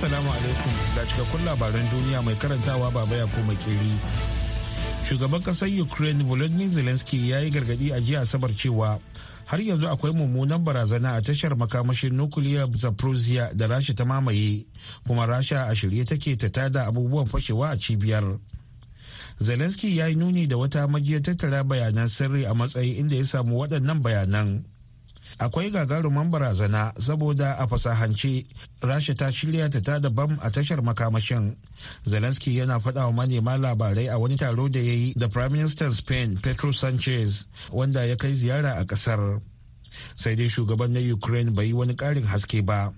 Assalamu alaikum ga cikakkun labaran duniya mai karantawa baba ya koma kiri. Shugaban kasar Ukraine Volodymyr Zelensky ya yi gargadi a jiya Asabar cewa har yanzu akwai mummunan barazana a tashar makamashin nukiliya Zaporozhye da Rasha ta mamaye kuma Rasha a shirye take ta tada abubuwan fashewa a cibiyar. Zelensky ya yi nuni da wata majiyar tattara bayanan sirri a matsayi inda ya samu waɗannan bayanan. akwai gagaruman barazana saboda a fasahance rasha ta shirya ta ta bam a tashar makamashin zelensky yana faɗa wa manema labarai a wani taro da ya yi da prime minister spain pedro sanchez wanda ya kai ziyara a ƙasar sai dai shugaban na ukraine bai yi wani ƙarin haske ba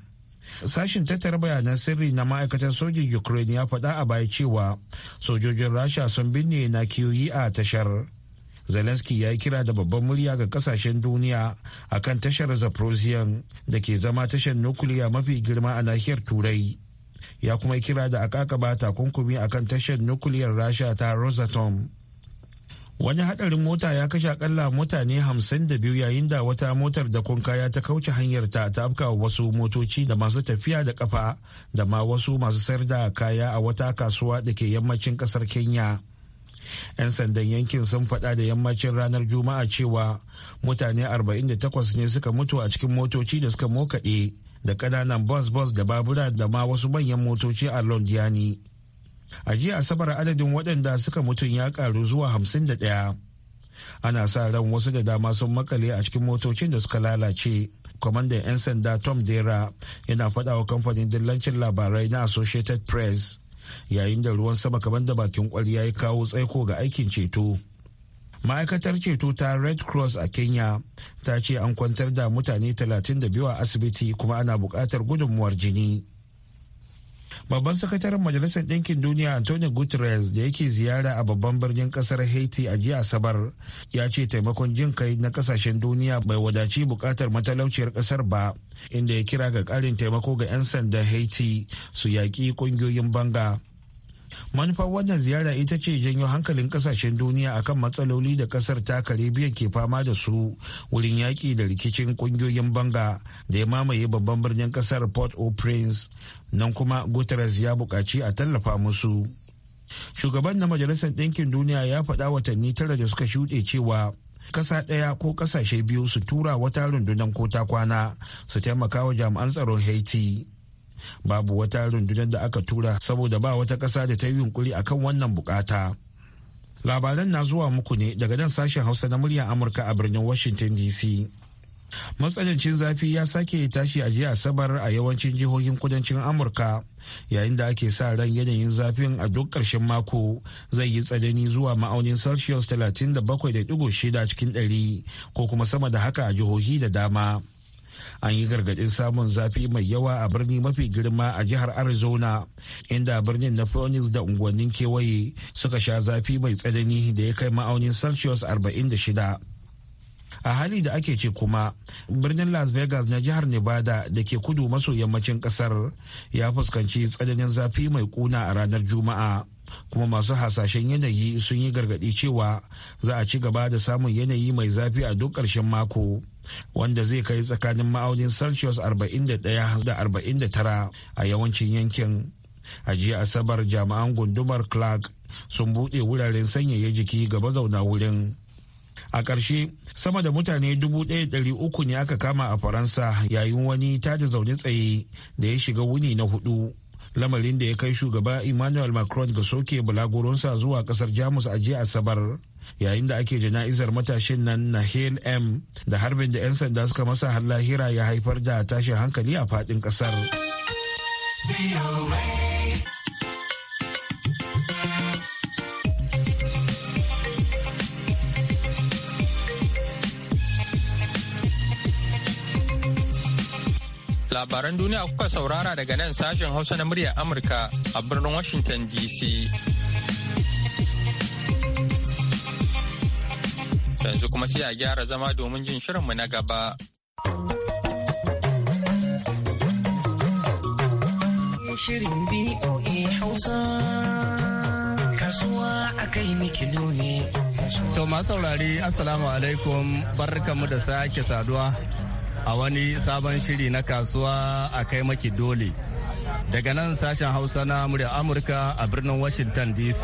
sashin tattara bayanan sirri na ma'aikatar sojin ukraine ya faɗa a baya cewa sojojin rasha sun binne na kiyoyi a tashar zelensky ya yi kira da babban murya ga kasashen duniya akan tashar zaporozhian da ke zama tashar nukiliya mafi girma a nahiyar turai ya kuma kira da akakaba takunkumi akan tashar nukiliyar rasha ta rosatom wani hadarin mota ya kashe akalla mutane 52 yayin da wata motar da kaya ta kauce hanyar ta ta afka wasu motoci da masu tafiya da kafa da ma wasu masu sayar da kaya a wata kasuwa da ke yammacin kasar kenya 'yan sandan yankin sun faɗa da yammacin ranar juma'a cewa mutane 48 ne suka mutu a cikin motoci da suka mokaɗe da ƙananan bus-bus da babura da ma wasu manyan motoci a londiani a jiya asabar adadin waɗanda suka mutu ya ƙaru zuwa 51 ana sa ran wasu da dama sun makale a cikin motocin da suka lalace kwamandan 'yan sanda tom dera yana faɗa wa kamfanin dillancin labarai na associated press yayin da ruwan sama kamar da bakin kwarya ya kawo tsaiko ga aikin ceto ma'aikatar ceto ta red cross a kenya ta ce an kwantar da mutane 32 a asibiti kuma ana buƙatar gudunmuwar jini Babban sakataren Majalisar Ɗinkin Duniya Antonio Guterres da yake ziyara a babban birnin ƙasar Haiti a jiya Asabar ya ce taimakon jin kai na ƙasashen duniya bai wadaci buƙatar matalauciyar ƙasar ba, inda ya kira ga ƙarin taimako ga 'yan sandan Haiti su yaƙi ƙungiyoyin banga. manufar wannan ziyara ita ce janyo hankalin kasashen duniya akan matsaloli da kasar ta karibiya ke fama da su wurin yaƙi da rikicin ƙungiyoyin banga da ya mamaye babban birnin kasar port au prince nan kuma guterres ya buƙaci a tallafa musu shugaban na majalisar ɗinkin duniya ya faɗa watanni tara da suka shuɗe cewa kasa ɗaya ko ƙasashe biyu su tura wata rundunar ko ta kwana su taimaka wa jami'an tsaron haiti babu wata rundunar da aka tura saboda ba wata ƙasa da ta yi yunkuri akan wannan bukata labaran na zuwa muku ne daga nan sashen hausa na muryar amurka a birnin washington dc matsanancin zafi ya sake tashi a jiya asabar a yawancin jihohin kudancin amurka yayin da ake sa ran yanayin zafin a duk ƙarshen mako zai yi tsanani zuwa ma'aunin celsius 37.6 cikin 100 ko kuma sama da haka a jihohi da dama an yi gargadin samun zafi mai yawa a birni mafi girma a jihar arizona inda birnin na phoenix da unguwannin kewaye suka sha zafi mai tsanani da ya kai ma'aunin celsius 46 a hali da ake ce kuma birnin las vegas na jihar nevada da ke kudu maso yammacin kasar ya fuskanci tsananin zafi mai kuna a ranar juma'a kuma masu hasashen yanayi sun yi gargadi cewa za a ci gaba da samun yanayi mai zafi a duk ƙarshen mako wanda zai kai tsakanin ma'aunin celsius 41 da 49 a yawancin yankin a jiya asabar jami'an gundumar clark sun buɗe wuraren sanyaya jiki gaba zauna wurin a ƙarshe sama da mutane 1,300 ne aka kama a faransa yayin wani tada zaune tsaye da ya shiga wuni na hudu lamarin da ya kai shugaba emmanuel macron ga soke bulaguronsa zuwa ƙasar jamus a jiya asabar yayin da ake jana'izar matashin nan Nahil M da harbin da 'yan sanda suka masa har ya haifar da tashin hankali a fadin kasar. Labaran duniya kuka saurara daga nan sashen Hausa na muryar Amurka a birnin Washington DC. Yanzu kuma sai a gyara zama domin jin shirinmu na gaba. Shirin BOA Hausa kasuwa a kai mikido ne. To masu saurari Assalamu alaikum barkamu da sake saduwa a wani sabon shiri na kasuwa a kai maki dole. daga nan sashen hausa na murya amurka a birnin washington dc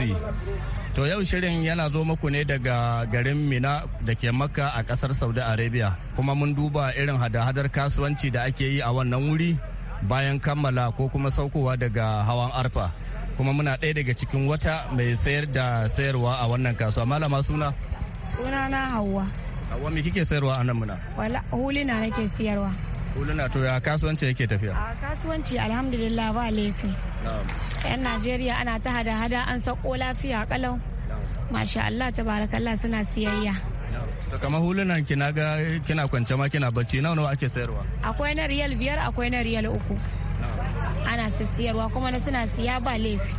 to yau shirin yana zo muku ne daga garin mina da ke makka a kasar saudi arabia kuma mun duba irin hada-hadar kasuwanci da ake yi a wannan wuri bayan kammala ko kuma saukowa daga hawan arfa kuma muna ɗaya daga cikin wata mai sayar da sayarwa a wannan kasuwa malama suna suna na hawa hawa me kike sayarwa a nan muna wala hulina nake sayarwa huluna to ya kasuwanci yake tafiya a kasuwanci alhamdulillah ba laifi yan najeriya ana ta hada-hada an sako lafiya kalau masha allah tabarakallah suna siyayya kamar hulunan kina ga kina kwance ma kina bacci nawa nawa ake sayarwa akwai na riyal biyar akwai na riyal uku ana siyarwa kuma na suna siya ba laifi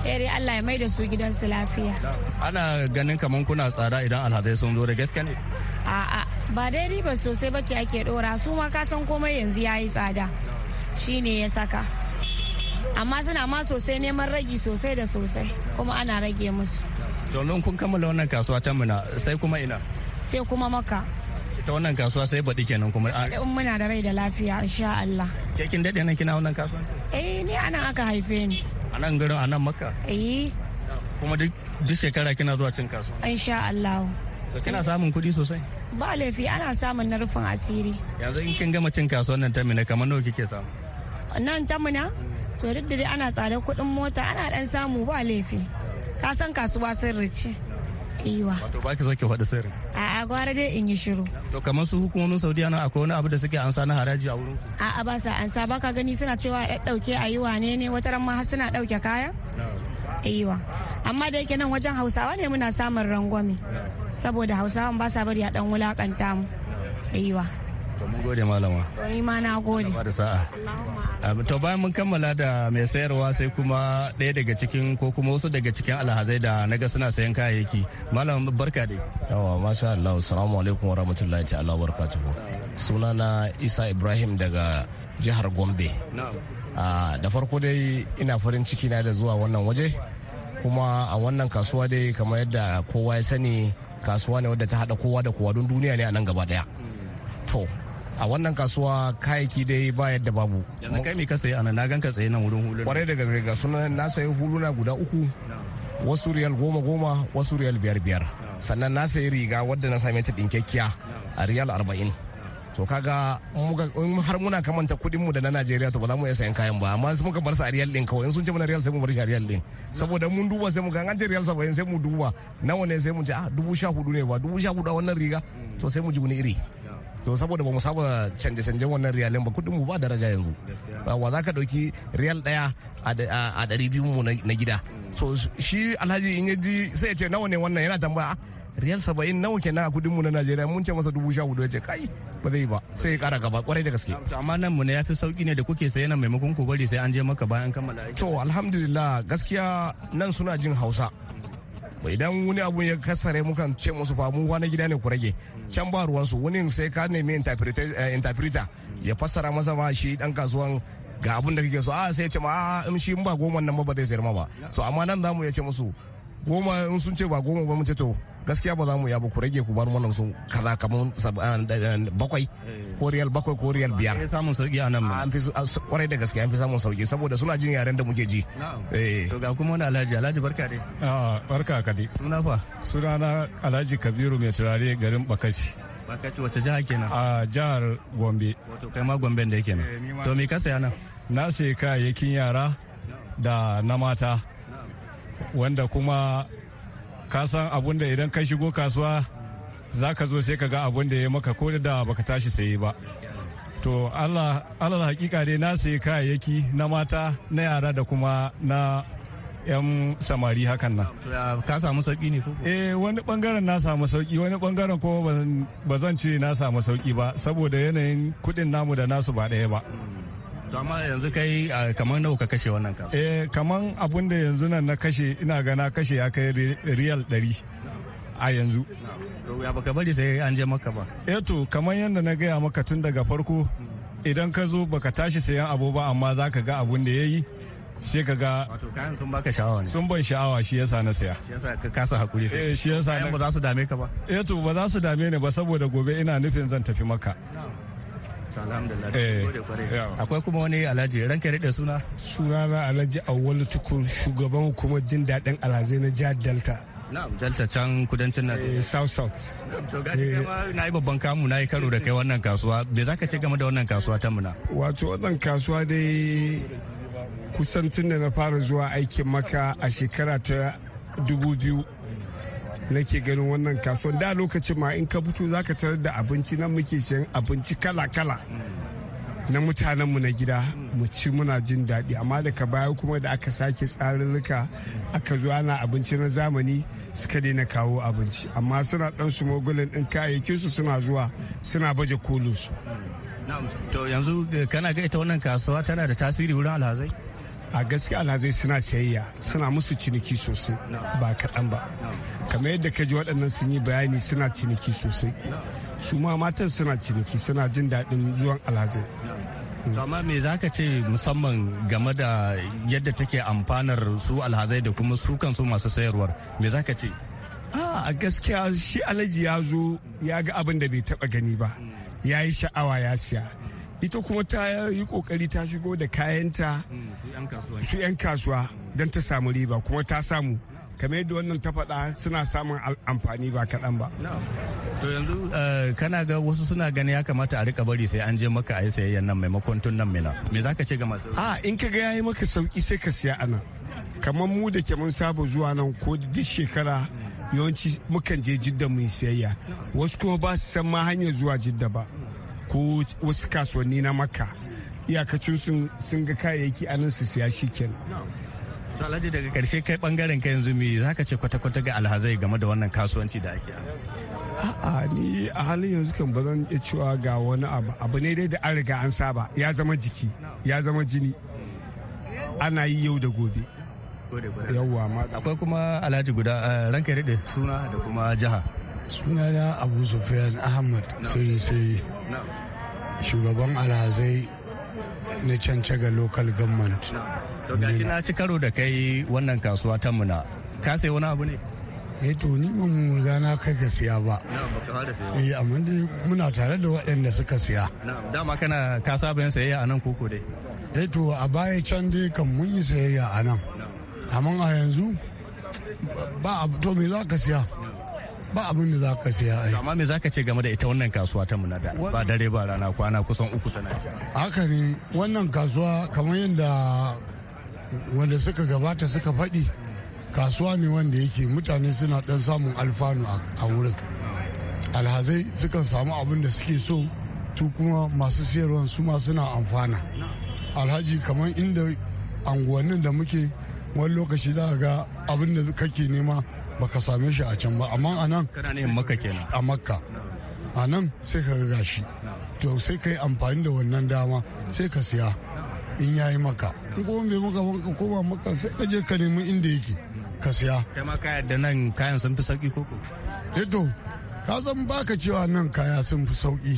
Eri Allah ya mai da su gidansu lafiya ana ganin kaman kuna tsada idan alhazai sun zo da gaske ne a'a ba dai ribar sosai bace ake dora su ma ka san komai yanzu ya yi tsada shine ya saka amma suna ma sosai neman ragi sosai da sosai kuma ana rage musu domin kun kammala wannan kasuwa ta muna sai kuma ina sai kuma maka ta wannan kasuwa sai baɗi kenan kuma in muna da rai da lafiya insha Allah ke kin daɗe nan kina wannan kasuwa eh ni anan aka haife ni anan garin anan maka eh kuma duk shekara kina zuwa cin kasuwa insha Allah kina samun kuɗi sosai ba laifi ana samun na rufin asiri yanzu in kin gama cin kasuwar nan ta mina, kamar nawa kike samu nan ta mina? to duk da ana tsadar kuɗin mota ana dan samu ba laifi ka san kasuwa sirri ce iwa wato ba ki so faɗi sirri a a gwara dai in yi shiru to kamar su hukumomin saudiya na akwai wani abu da suke ansa na haraji a wurin a a ba sa ansa ba ka gani suna cewa ya dauke a yi wane ne wata ran ma har suna dauke kaya iwa amma da yake nan wajen hausawa ne muna samun rangwame saboda hausawan ba sa bari a dan wulakanta mu to mun gode malama ni ma na gode da sa'a to bayan mun kammala da mai sayarwa sai kuma ɗaya daga cikin ko kuma wasu daga cikin alhazai da na ga suna sayan kayayyaki malam barka dai yawa masha Allah assalamu alaikum wa ta'ala wa barakatuhu sunana Isa Ibrahim daga jihar Gombe ah, da farko dai ina farin ciki na da zuwa wannan waje kuma a wannan kasuwa dai kamar yadda kowa ya sani kasuwa ne wadda ta hada kowa da kowa don duniya ne a nan gaba daya to a wannan kasuwa kayayyaki dai ba yadda babu yanzu kai me ka sayi anan na ganka tsaye nan wurin huluna kwarai daga gaske sunan na sayi huluna guda uku wasu riyal goma goma wasu riyal biyar biyar sannan na sayi riga wadda na same ta dinkekkiya a riyal arba'in to kaga har muna kamanta kudin mu da na Najeriya to ba za mu iya sayan kayan ba amma sun muka bar su a riyal din kawai in sun ce mana riyal sai mu bar shi a riyal din saboda mun duba sai mu ga an ce riyal saba'in sai mu duba nawa ne sai mu ce ah dubu sha hudu ne ba dubu sha hudu a wannan riga to sai mu ji wani iri to saboda ba mu saba canje canje wannan riyalin ba kudin mu ba daraja yanzu wa za ka dauki riyal daya a 200 biyu mu na gida so shi alhaji in ya ji sai ya ce nawa ne wannan yana tambaya ah, riyal saba'in nawa kenan a kudin mu na najeriya mun ce masa dubu sha hudu yace kai ba zai ba sai ya kara gaba kwarai da gaske amma nan mu ne ya fi sauki ne da kuke saye nan maimakon ku bari sai an je maka bayan kammala to alhamdulillah gaskiya nan suna jin hausa idan wani abu ya kasare muka ce musu fa mu wani gida ne ku rage can ba ruwansu wani sai ka nemi interpreter eh, ya fassara masa ma shi dan kasuwan ga abun da kake so a ah, sai ya ce ma a ah, in shi ba goma nan ba zai sayar ma ba to amma nan zamu ya ce musu goma in sun ce ba goma ba mun ce to gaskiya ba za mu yabo ku rage ku bar mana su kaza kamar bakwai eh. ko riyal bakwai ko riyal biyar an samun sauki a nan an fi kwarai da gaskiya an fi samun sauki saboda suna jin yaren da muke ji eh. to ga kuma wani alhaji alhaji barka dai a ah, barka ka dai suna fa suna na alhaji kabiru mai turare garin Bakashi. Bakashi wace jiha kenan a jihar gombe wato kai ma gombe da yake nan eh, to me ka saya nan na sai kayayyakin yara da na mata wanda kuma ka san abun da idan ka shigo kasuwa za ka zo sai ka ga abun da ya maka ko da baka tashi saye ba to allah hakika dai na sayi kayayyaki na mata na yara da kuma na 'yan samari hakan nan. Ka samu sauki ne ko? Eh wani bangaren na samu sauki wani bangaren ko ba zan ce na samu sauki ba saboda yanayin kudin namu da nasu ba ɗaya ba. amma yanzu kai kamar nawa ka kashe wannan ka eh kamar abun da yanzu nan na kashe ina gana kashe ya kai riyal 100 a yanzu ya baka bari sai an je maka ba eh to kamar yadda na gaya maka tun daga farko idan ka zo baka tashi sayan abu ba amma za ka ga abun da ya yi sai ka ga wato kayan sun baka sha'awa ne sun ban sha'awa shi yasa na saya shi yasa ka kasa hakuri sai eh, shi yasa ba za su dame ka ba eh to ba za su dame ni ba saboda gobe ina nufin zan tafi maka alhamdulillah eh, akwai kuma wani alhaji ranka da suna suna na alhaji awwalu tukur shugaban hukumar jin daɗin alhazai na jihar delta Na'am, Delta can kudancin na eh, South South. To gashi eh. na yi babban kamu na yi karo da kai wannan kasuwa. Me za ka ce game da wannan kasuwa ta muna? Wato wannan kasuwa dai kusan tun da na fara zuwa aikin maka a shekara ta dubu biyu nake ganin wannan kasuwan da lokacin ma in ka fito za ka tarar da abinci nan muke siyan abinci kala-kala na mutanenmu na gida mu ci muna jin daɗi amma daga baya kuma da aka sake tsarurruka aka zuwa na abinci na zamani suka daina kawo abinci amma suna ɗan su mogulin ɗin kayayyakinsu suna zuwa suna baje su. to yanzu eh, kana ga ita wannan kasuwa tana da tasiri wurin alhazai a gaskiya alhazai suna sayayya suna musu ciniki sosai ba kaɗan ba kamar yadda ka ji waɗannan sun yi bayani suna ciniki sosai su ma matan suna ciniki suna jin daɗin zuwan alhazai amma me za ka ce musamman game da yadda take amfanar su alhazai da kuma su kansu masu sayarwar me za ka ce a gaskiya shi Alhaji ya zo ya ga abin da bai taɓa gani ba ya yi sha'awa ya siya ita kuma ta yi kokari ta shigo da kayanta mm, su 'yan kasuwa mm. don ta samu riba kuma ta samu kamar yadda wannan ta faɗa suna samun amfani ba kaɗan ba. To yanzu eh, kana ga wasu suna ganin ya kamata a rika bari sai an je maka a yi sayayyan nan maimakon tun nan mina. Me za ka ce ga masu? A in ka ga ya yi maka sauki sai ka siya anan. Kamar mu da ke mun saba zuwa nan ko duk shekara mm. yawanci mukan je jidda mai sayayya. Wasu kuma ba su san ma hanyar zuwa jidda ba. ko wasu kasuwanni na makka iyakacin sun ga kayayyaki a nan su siya shi kenan alhaji daga karshe kai bangaren ka yanzu me za ka ce kwata-kwata ga alhazai game da wannan kasuwanci da ake a'a ni a halin yanzu kan ba zan iya cewa ga wani abu abu ne dai da an riga an saba ya zama jiki ya zama jini ana yi yau da gobe yawwa ma akwai kuma alhaji guda eh, ranka ya suna da kuma jiha suna na abu sufiyan ahmad siri siri shugaban alhazai na cancaga local government to na ci karo da kai wannan kasuwa ta muna ka sai wani abu ne eh to ni ban riga na kai ka siya ba eh amma dai muna tare da waɗanda suka siya dama kana ka saba yin sayayya a nan koko dai eh to a baya can dai kan mun yi sayayya a nan amma a yanzu ba to me za ka siya ba abin da za ka siya ai amma me za ka ce game da ita wannan kasuwa ta munada ba dare ba rana kwana kusan uku tana ci haka ne wannan kasuwa kamar yadda wanda suka gabata suka faɗi kasuwa ne wanda yake mutane suna dan samun alfanu a wurin alhazai sukan samu abin da suke so tu kuma masu siyarwa su ma suna amfana alhaji kamar inda anguwannin da muke wani lokaci za ga abin da kake nema baka same shi a can ba amma a nan a makka a nan sai ka ga shi to sai ka yi amfani da wannan dama sai ka siya in yayi maka in kuma bai maka wanka ko ba maka sai ka je ka nemi inda yake ka siya kai ma ka da nan kayan sun fi sauki koko eh to ka san baka cewa nan kaya sun fi sauki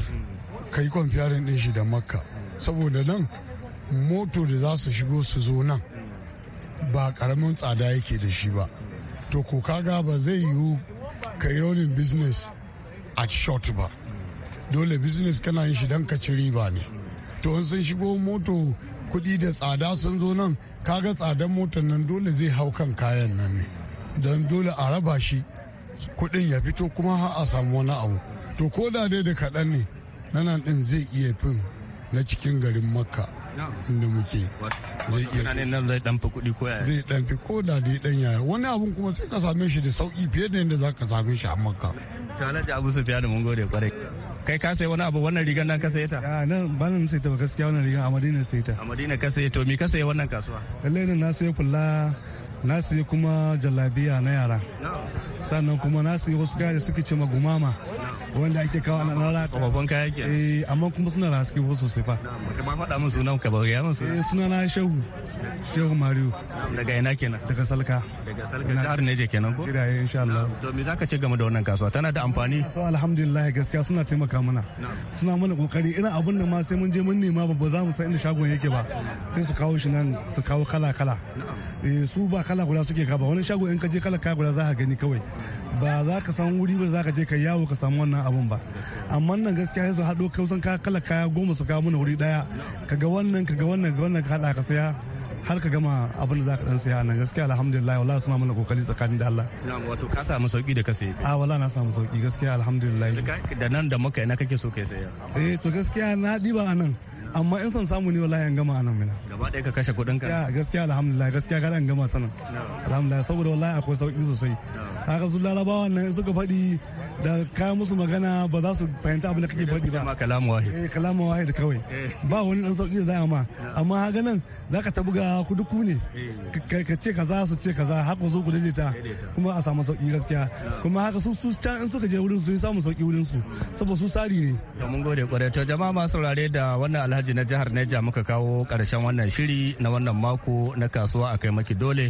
kai kwamfiyarin din shi da makka saboda nan moto da za su shigo su zo nan ba karamin tsada yake da shi ba to ko kaga ba zai yiwu ka yi rolin business a short ba dole business kana yin shi don ka ci riba ne to in sun shigo moto kuɗi da tsada sun zo nan kaga tsadan motar nan dole zai hau kan kayan nan ne don dole a raba shi kuɗin ya fito kuma har a samu wani abu to ko da dai da kaɗan ne nan din zai iya fin na cikin garin makka inda muke zai iya zai dan fi kuɗi ko yaya zai ko da dai dan yaya wani abun kuma sai ka same shi da sauki fiye da yadda zaka same shi a makka abu su fiya da mun gode kwarai kai ka sai wani abu wannan rigar nan ka saye ta a ah, nan ba nan sai ta ba gaskiya wannan rigar a madina sai ta a madina ka saye to me ka saye wannan kasuwa lallai na saye kulla na sayi kuma jallabiya na yara sannan kuma na sayi wasu gari suke ce magumama wanda ake kawo na rana ta babban kaya ke eh amma kuma suna da haske wasu sosai fa Kuma faɗa min sunan ka ba ya suna eh, na shehu shehu mariu. daga ina kenan daga salka daga salka jihar Neje kenan ko jira insha Allah to me zaka ce game da wannan kasuwa tana da amfani to alhamdulillah gaskiya suna taimaka mana suna mana kokari ina abun da ma sai mun je mun nema ba za mu san inda shagon yake ba sai su kawo shi nan su kawo kala kala eh su ba kala guda suke ka ba wani shago in ka je kala kala guda za ka gani kawai ba za ka san wuri ba za ka je ka yawo ka samu wannan wannan abun ba amma nan gaskiya yanzu haɗo kusan kala kaya goma su kawo mana wuri daya ga wannan ga wannan ka wannan ka haɗa ka saya har ka gama abin da za ka dan saya nan gaskiya alhamdulillah wallahi suna mana kokari tsakanin da Allah na'am wato ka samu sauki da ka sayi a wallahi na samu sauki gaskiya alhamdulillah da nan da muka ina kake so kai saya eh to gaskiya na diba anan amma in san samu ne wallahi an gama anan mina gaba ɗaya ka kashe kuɗin ka gaskiya alhamdulillah gaskiya ka an gama sanan alhamdulillah saboda wallahi akwai sauki sosai haka su larabawa nan suka faɗi da kayan musu magana ba za su fahimta abin da kake faɗi ba kalamu wahid eh kalamu wahid kawai eh. ba wani dan sauki zai ma amma haka nan zaka ta buga kuduku ne eh. ka ce kaza su ce kaza haka zo ku daidaita kuma a samu sauki gaskiya kuma haka su su can in suka je wurin su samu sauki wurin su hmm. saboda su sari ne to mun gode kware to jama'a masu saurare da wannan alhaji na jihar Niger muka kawo karshen wannan shiri na wannan mako na kasuwa kai maki dole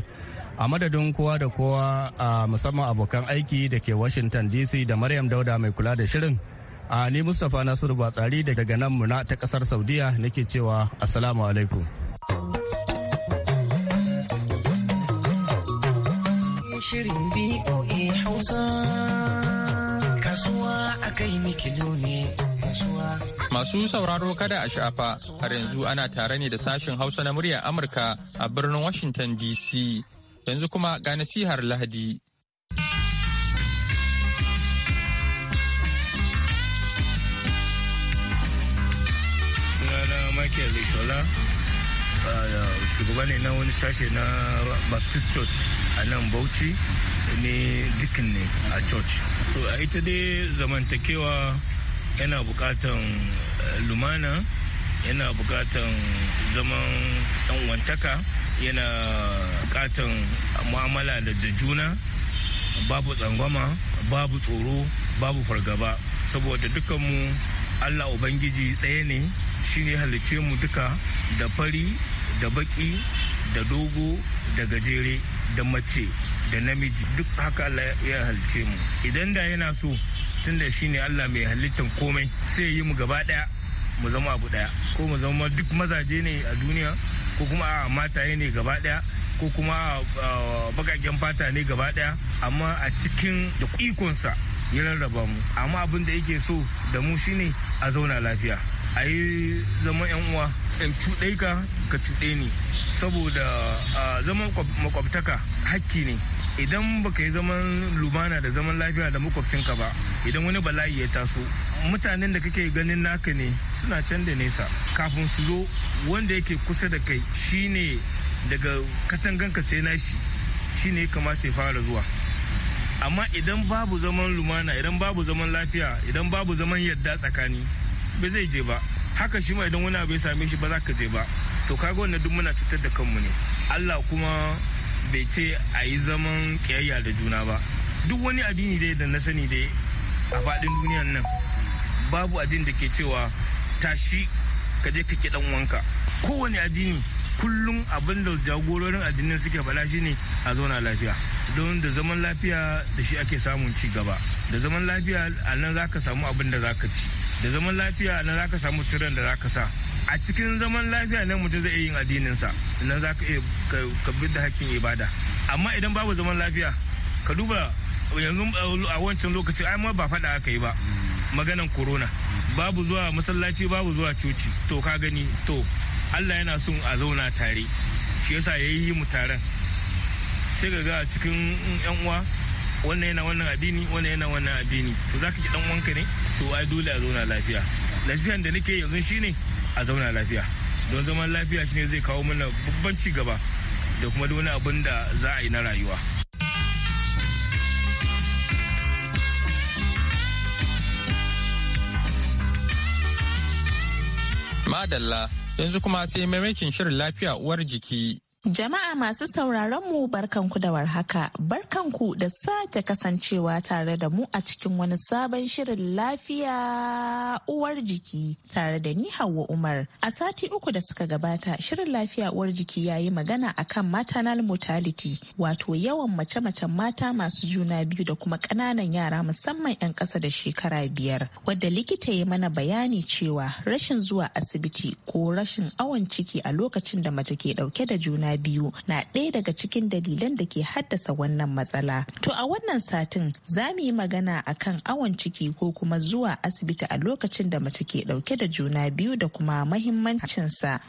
a madadin kowa da kowa a musamman abokan aiki da ke washington dc da maryam dauda mai kula da shirin a ni mustapha nasiru batsari daga nan muna ta kasar saudiya nake cewa assalamu alaikum Masu sauraro kada a shafa har yanzu ana tare ne da sashen Hausa na murya Amurka a birnin Washington DC yanzu kuma ga nasihar Lahadi. Sunana shugaba ne na wani sashe na Baptist Church a nan Bauchi ne dukkan ne a church. To a ita dai zamantakewa yana bukatan eh, lumana, yana bukatan zaman ɗan wantaka. yana katon mu'amala da juna babu tsangwama babu tsoro babu fargaba saboda dukanmu allah ubangiji ɗaya ne shi ne halice mu duka da fari da baki da dogo da gajere da mace da namiji duk haka allah ya halice mu idan da yana so tunda ne allah mai halittan komai sai yi mu gaba ɗaya mu zama abu ɗaya ko mu zama duk mazaje ne a duniya ko kuma mataye ne gaba daya ko kuma bakaken fata ne gaba daya amma a cikin da ikonsa ya rarraba mu amma abin da yake so da mu shine a zauna lafiya a yi zama yan uwa yan cuɗaika ka ka cuɗe ni saboda zaman makwabtaka hakki ne idan baka yi zaman lumana da zaman lafiya da makwabcinka ba idan wani bala'i ya taso mutanen da kake ganin naka ne suna can da nesa kafin su zo wanda yake kusa da kai shine daga ka sai na shi shine kamata ya fara zuwa amma idan babu zaman lumana idan babu zaman lafiya idan babu zaman yadda tsakani ba zai je ba haka shi ma idan wani abu ya same shi ba za ka je ba to kaga wannan duk muna cutar da kanmu ne Allah kuma bai ce a yi zaman kiyayya da juna ba duk wani addini dai da na sani dai a faɗin duniyan nan babu addini da ke cewa tashi ka je ka dan wanka kowane addini kullum abin da jagororin addinin suke faɗa shine a zauna lafiya don da zaman lafiya da shi ake samun ci gaba da zaman lafiya a nan za ka samu abin da za ka ci da zaman lafiya a nan za ka samu ciran da za ka sa a cikin zaman lafiya nan mutum zai yin addininsa nan za ka ka bi da hakkin ibada amma idan babu zaman lafiya ka duba yanzu eh, a wancan lokacin ai ma ba faɗa aka yi ba maganan corona babu zuwa masallaci babu zuwa coci to ka gani to allah yana son a zauna tare shi yasa ya yi mu taron sai ga ga cikin yan uwa wannan yana wannan addini wannan yana wannan addini to ka ki dan wanka ne to ai dole a zauna lafiya nasihan da nake yanzu shine a zauna lafiya don zaman lafiya shine zai kawo mana babban ci gaba da kuma duk wani abin da za a yi na rayuwa Madalla yanzu kuma sai maimakin shirin lafiya uwar jiki. Jama'a masu sauraron mu barkanku da warhaka, barkanku da sake kasancewa tare da mu a cikin wani sabon shirin lafiya uwar jiki tare da ni Hauwa Umar. A sati uku da suka gabata, shirin lafiya uwar jiki ya yi magana akan maternal mortality, wato yawan mace-macen mata masu juna biyu da kuma ƙananan yara musamman 'yan ƙasa da shekara biyar, wadda likita ya mana bayani cewa rashin zuwa asibiti ko rashin awon ciki a lokacin da mace ke ɗauke da juna juna biyu na ɗaya daga cikin dalilan da ke haddasa wannan matsala. To a wannan satin za mu yi magana a kan awon ciki ko kuma zuwa asibiti a lokacin da mace ke ɗauke da juna biyu da kuma mahimmancinsa.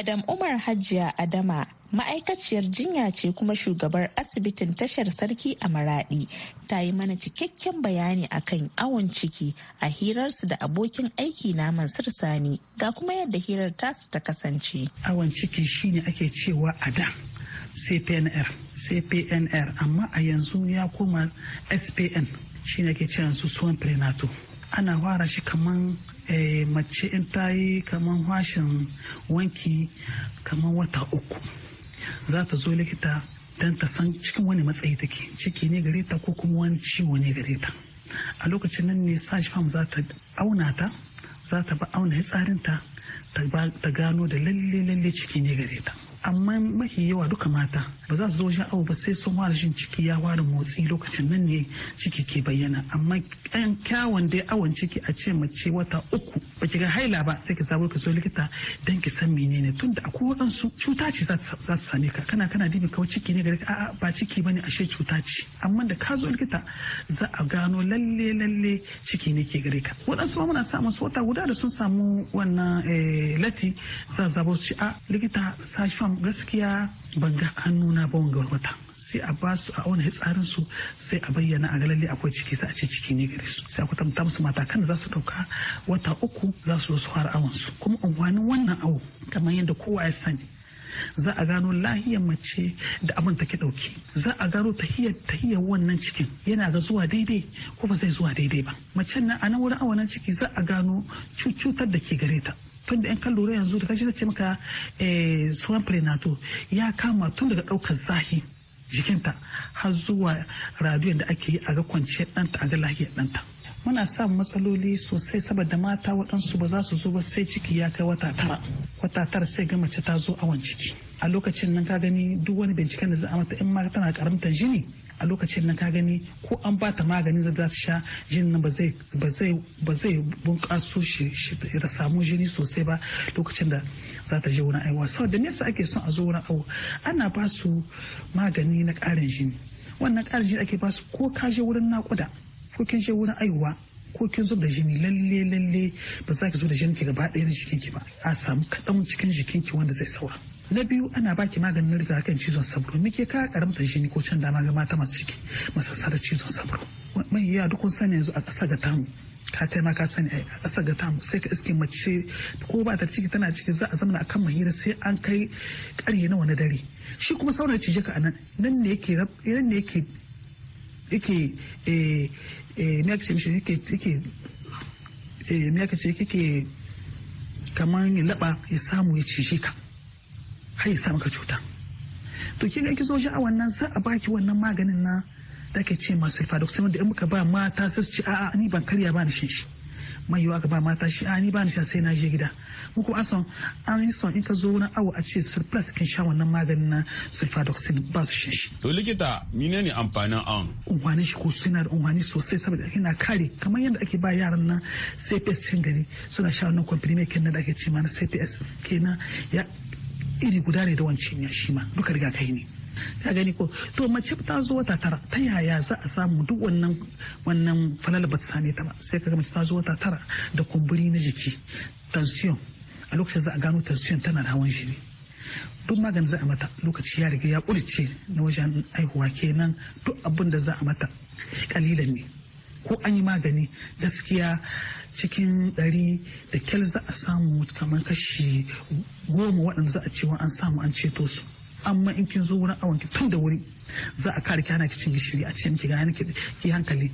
Madam Umar Hajiya Adama ma'aikaciyar jinya ce kuma shugabar asibitin tashar sarki a maradi ta yi mana cikakken bayani akan awon ciki a hirarsu da abokin aiki na mansur sani ga kuma yadda hirar tasu ta kasance awon ciki shine ake cewa a da cpnr cpnr amma a yanzu ya koma spn shine ake cewa su suwan prenatal ana fara shi kaman Eh, mace in ta yi kamar hashin wanki kamar wata uku za ta zo likita don ta san cikin wani matsayi take ciki ne gare ta ko kuma wani ciwo ne gare ta a lokacin nan ne sashi fam za ta auna ta za ta ba auna tsarinta ta gano da lalle lalle ciki ne gare ta amma mafi yawa duka mata ba za su zo wajen awo ba sai sun fara jin ciki ya fara motsi lokacin nan ne ciki ke bayyana amma ɗan kyawun dai awon ciki a ce mace wata uku ba ki ga haila ba sai ki sabo ki so likita dan ki san menene tunda akwai waɗansu cuta ce za ta same ka kana kana dibi kawai ciki ne ga a ba ciki ne ashe cuta ce amma da ka zo likita za a gano lalle lalle ciki ne ke gare ka waɗansu ma muna samun su wata guda da sun samu wannan eh, lati za a zabo su ci a likita sashi gaskiya ban ga hannuna ba wanga wata sai a ba su a auna hitsarin su sai a bayyana a galalle akwai ciki sai a ce ciki ne gare su sai a kwatanta musu matakan da za su dauka wata uku za su wasu su fara awon su kuma unguwanin wannan awo kamar yadda kowa ya sani za a gano lahiyar mace da abin take dauki za a gano tahiyar tahiyar wannan cikin yana ga zuwa daidai ko ba zai zuwa daidai ba mace na a nan wurin awanan ciki za a gano cutar da ke gare ta tun da yan kan lura yanzu da kashi ta ce maka eh, suwan prenato ya kama tun daga ɗaukar zahi jikinta har zuwa radiyon da ake yi a ga kwanciyar ɗanta a ga lahiyar ɗanta. muna samun matsaloli sosai saboda mata waɗansu ba za su zo ba sai ciki ya kai wata tara wata tara sai ga mace ta zo awon ciki a lokacin nan ka gani duk wani binciken da za a mata in ma tana karamtar jini a lokacin nan ka gani ko an ba ta magani za ta sha jinin nan ba zai bunƙaso shi ta samu jini sosai ba lokacin da za ta je wurin aiwa sau da yasa ake son a zo wurin awo ana ba su magani na ƙarin jini wannan ƙarin jini ake ba su ko ka je wurin naƙuda ko kin je wurin aiwa ko kin zo da jini lalle lalle ba za ki zo da jini ki gaba ɗaya na jikinki ba a samu kaɗan cikin jikinki wanda zai saura na biyu ana baki maganin rigakafin cizon sabro muke ka karamta jini ko can dama ga mata masu ciki masassara cizon sabro mai yi duk kun sani yanzu a ƙasa ga tamu ka kai ma ka sani a ƙasa ga tamu sai ka iske mace ko ba ta ciki tana ciki za a zama a kan mahira sai an kai karye na wani dare shi kuma sauran cije ka anan nan ne yake nan ne yake yake eh eh me yake yake yake eh ne yake yake kaman ya laba ya samu ya cije ka har ya maka cuta to kin ga kizo a wannan za a baki wannan maganin na da ke ce masu sulfadoxin wanda in muka ba mata sai su ce a'a ni ban karya ba ni shan shi mai yiwa ka ba mata shi a ni ba ni sha sai na je gida mu kuma son an yi son in ka zo na awo a ce surplus kin sha wannan maganin na sulfadoxin ba su shan shi. to likita mine ne amfanin an. unhwanin shi ko suna da unhwani sosai saboda yana kare kamar yadda ake ba yaran na cps cin gari suna sha wannan kwamfani mai kenan da ake ce mana na cps kenan ya iri guda ne da wancan ya shi ma duka kai ne ka gani ko to mace ta zo wata tara ta yaya za a samu duk wannan wannan falal ba ta same ta ba sai kaga mace ta zo wata tara da kumburi na jiki tension a lokacin za a gano tension tana da hawan jini duk magani za a mata lokaci ya riga ya kurce na wajen aihuwa kenan duk abin da za a mata kalilan ne ko an yi magani gaskiya cikin ɗari da kyal za a samu kamar kashi goma waɗanda za a cewa an samu an ceto su amma in kin zo wurin awon ki tun da wuri za a kare kana kicin gishiri a cikin ki ga ki hankali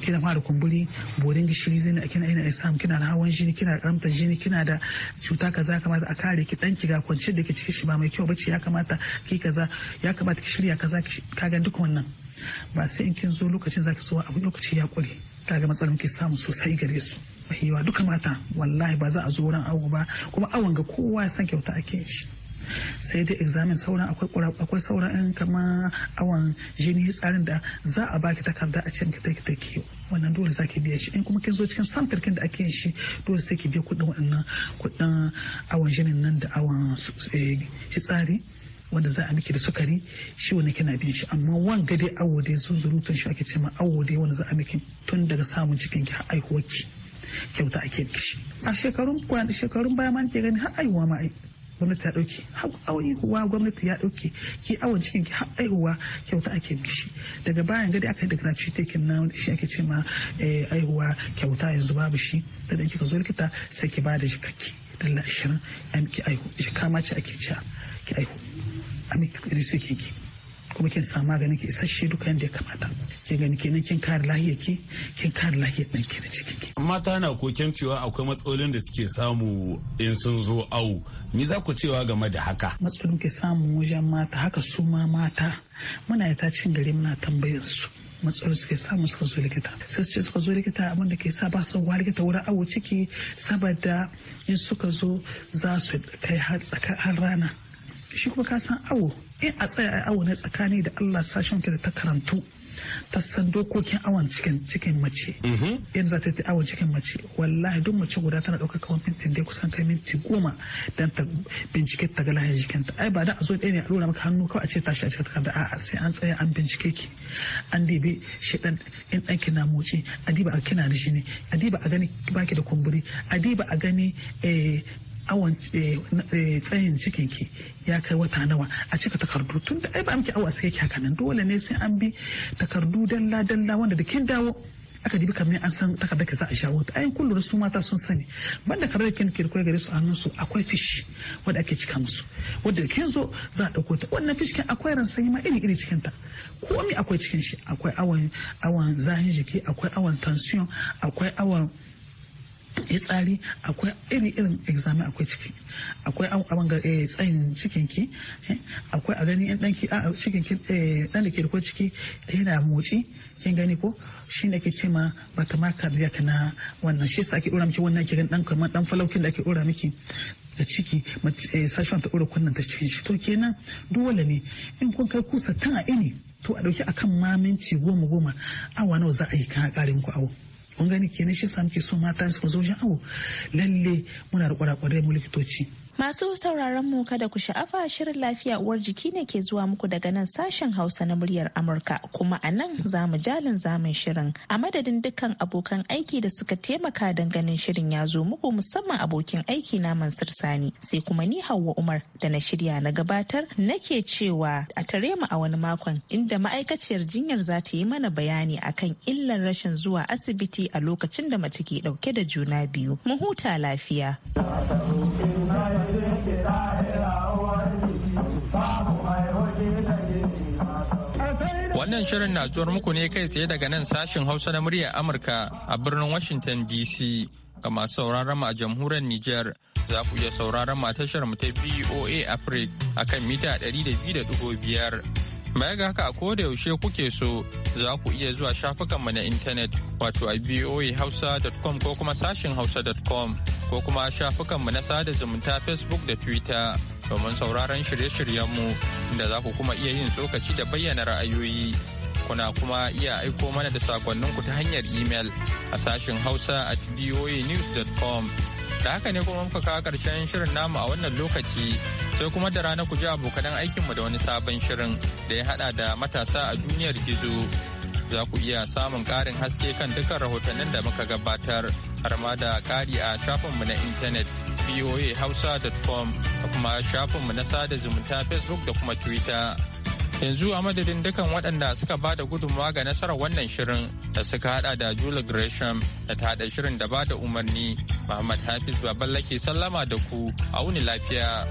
kina fara kumburi borin gishiri zai na kina ina isam kina da hawan jini kina da ramtar jini kina da cuta kaza kamata a kare ki ki ga kwance da ke cikin shi ba mai kyau bace ya kamata ki kaza ya kamata ki shirya kaza ka ga duk wannan ba sai in kin zo lokacin zaki so abu lokaci ya kure ga matsalar ki samu sosai gare su mahiwa duka mata wallahi ba za a zo wurin awo ba kuma awon ga kowa ya san kyauta ake shi sai dai examin sauran akwai akwai sauran ɗan kama awon jini tsarin da za a baki takarda a cikin kita wannan dole zaki biya shi in kuma kin zo cikin samtar da ake yin shi dole sai ki biya kuɗin wannan kudin awon jinin nan da awon fitsari eh, wanda za a miki da sukari shi wani kina bin shi amma wani gade awo dai zunzurutun shi ake cewa awo dai wanda za a miki tun daga samun cikin ki haihuwar aihuwar ki kyauta ake miki shi a shekarun kwana shekarun baya ma nake gani har aihuwa ma ai gwamnati ta dauke har aihuwa gwamnati ya dauke ki awon cikin ki har aihuwa kyauta ake miki shi daga bayan gadi aka yi daga gratuity kin na shi ake cewa eh, aihuwa kyauta yanzu babu shi da kika zo likita sai ki bada shi kakki dalla ashirin an ki aihu shi kama ce ake cewa ki aihu a ki kuma kin samu maganin ki isasshe duka yadda ya kamata kin gani kenan kin kare lafiyar ki kin kare lafiyar ɗan ki da cikin ki mata na koken cewa akwai matsalolin da suke samu in sun zo awu ni za ku cewa game da haka matsalolin ke samu wajen mata haka su ma mata muna yi cin gari muna tambayar su matsalolin suke samu suka zo likita sai su ce suka zo likita abin da ke sa ba su wa likita wurin awo ciki saboda in suka zo za su kai har rana shi kuma ka san awo in eh, a tsaya awo ne tsakani da Allah sashen da ta karantu ta san dokokin awon cikin cikin mace in mhm. za ta yi awon cikin mace wallahi duk mace guda tana ɗaukar kawon minti dai kusan kai minti goma don ta bincike ta ga jikin jikinta ai ba da a zo ɗaya ne a lura maka hannu kawai a ce tashi a cikin takarda a'a sai an tsaya an bincike ki an dibe shi ɗan in ɗan na motsi a diba a kina da shi ne a diba a gani baki da kumburi a diba a gani eh, awon eh, eh, tsayin cikin ki ya kai wata nawa a cika takardu tun da ai ba miki awa sai ki haka nan dole ne sai an bi takardu dalla dalla wanda da kin dawo aka dibi kamar an san takardar ka za a shawo ta ayin kullum su mata sun sani banda karar kin kirko gare su hannun su akwai fish wanda ake cika musu wanda kin zo za a dauko ta wannan fish kin akwai ran sanyi ma iri iri cikin ta komai akwai cikin shi akwai awan awan zahin jiki akwai awan tension akwai awan fitsari akwai iri-irin examen akwai ciki akwai abin ga eh, tsayin cikinki eh, akwai a gani ɗanki a cikinki eh, ɗan da ke ko ciki yana motsi kin gani ko shi ne ke cema maka da yaka na wannan shi sa ake ɗora miki wannan ke ɗan kamar ɗan falaukin da ake ɗora miki da ciki sashen ta ɗora kunnen ta cikin shi to kenan dole ne in kun kai kusa tana ini to a ɗauki akan maminci goma goma awa nawa za a yi kan ƙarin ku awo. mun gani kenan shi sa muke so mata su zo wajen awo lalle muna da kwarakwarai mu likitoci Masu sauraron mu kada ku sha'afa shirin lafiya uwar jiki ne ke zuwa muku daga nan sashen Hausa na muryar Amurka kuma a nan za mu jalin zamun shirin. A madadin dukkan abokan aiki da suka taimaka don ganin shirin ya zo muku musamman abokin aiki na Mansur Sani sai kuma ni Hauwa Umar da na shirya na gabatar nake cewa a tare mu a wani makon inda ma'aikaciyar jinyar za ta yi mana bayani akan illar rashin zuwa asibiti a lokacin da mace ke dauke da juna biyu. Mu huta lafiya. Wannan shirin na zuwar muku ne kai tsaye daga nan sashin Hausa na muryar Amurka a birnin Washington DC. Ga masu sauraron mu a jamhuriyar Nijar za ku iya sauraron mu a tashar mu ta BOA Africa a kan mita 200.5. Baya ga haka a koda yaushe kuke so za ku iya zuwa shafukanmu na intanet wato a voahausa.com ko kuma sashin hausa.com ko kuma shafukanmu na sada zumunta Facebook da Twitter. domin sauraron shirye-shiryenmu inda za ku kuma iya yin tsokaci da bayyana ra'ayoyi. Kuna kuma iya aiko mana da sakonninku ta hanyar imel a sashen hausa at voanews.com. Da haka ne kuma muka kawo karshen shirin namu a wannan lokaci sai kuma da rana ku ji abokanan aikinmu da wani sabon shirin da ya hada da matasa a duniyar gizo. Za ku iya samun ƙarin haske kan dukkan rahotannin da muka gabatar har ma da kari a shafinmu na intanet. voahausa.com da kuma shafinmu na sada zumunta facebook da kuma twitter. Yanzu a madadin dukan waɗanda suka ba da gudunmawa ga nasarar wannan shirin da suka hada da Julie Gresham da ta hada shirin da ba da umarni Muhammad Hafiz Baballake sallama da ku a wuni lafiya.